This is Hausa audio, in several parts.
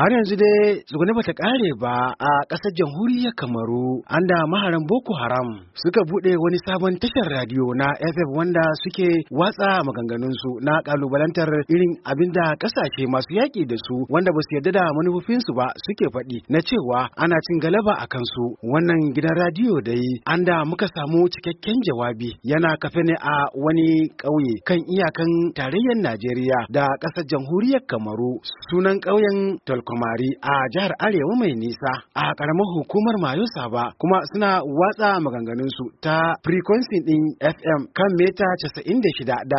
har yanzu dai tsugune bata kare ba a ƙasar jamhuriyar kamaru an da maharan boko haram suka buɗe wani sabon tashar radiyo na ff wanda suke watsa maganganunsu na kalubalantar irin abin da ƙasashe masu yaƙi da su wanda basu su yarda da manufofinsu ba suke faɗi na cewa ana cin galaba a kansu wannan gidan radiyo dai an da muka samu cikakken jawabi yana kafe ne a wani ƙauye kan iyakan tarayyar najeriya da ƙasar jamhuriyar kamaru sunan ƙauyen tolko kwamari a jihar Arewa mai nisa a karamar hukumar mayu saba kuma suna watsa maganganunsu ta frequency din FM kan meta 96.8 da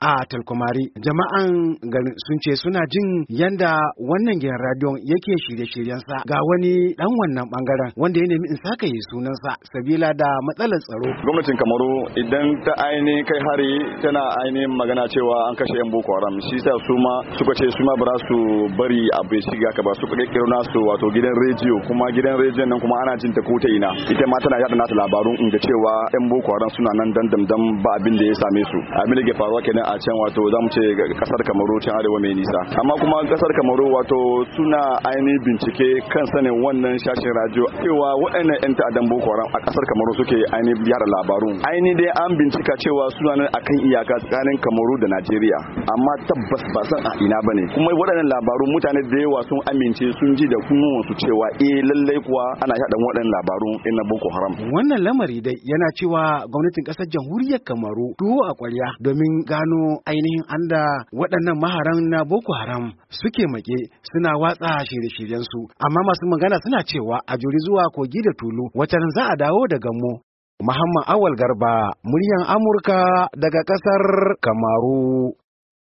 a talkumari Jama'an garin sun ce suna jin yanda wannan gidan radiyon yake shirye-shiryensa ga wani dan wannan bangaren wanda ya nemi in saka yi sunansa sabila da matsalar tsaro. Gwamnatin Kamaru idan ta aini kai hari tana ainihin magana cewa an kashe 'yan Boko Haram shi sa su ma suka ce su ma ba su bari abu bai shiga ka ba su kirkiro nasu wato gidan rediyo kuma gidan rediyon nan kuma ana jin ta kota ina ita ma tana yada nata labarun in ga cewa yan boko haram suna nan damdam ba abin da ya same su abin da ke faruwa kenan a can wato zamu ce kasar kamaru can arewa mai nisa amma kuma kasar kamaru wato suna ainihin bincike kan sanin wannan shashin radio cewa waɗannan yan ta'addan boko haram a kasar kamaru suke ainihin yada labarun ainihin dai an bincika cewa suna nan akan iyaka tsakanin kamaru da najeriya amma tabbas ba san a ina bane kuma waɗannan labarun mutane da da yawa sun amince sun ji da wasu cewa eh lallai kuwa ana yaɗa waɗannan labarun na Boko Haram. Wannan lamari dai yana cewa gwamnatin ƙasar jamhuriyar Kamaru tuwo a ƙwarya domin gano ainihin anda waɗannan maharan na Boko Haram suke maƙe, suna watsa shirye shiryen su amma masu magana suna cewa a juri zuwa kogi da tulu wacce za a dawo da gammo. Muhammad Awal Garba, muryan Amurka daga ƙasar Kamaru.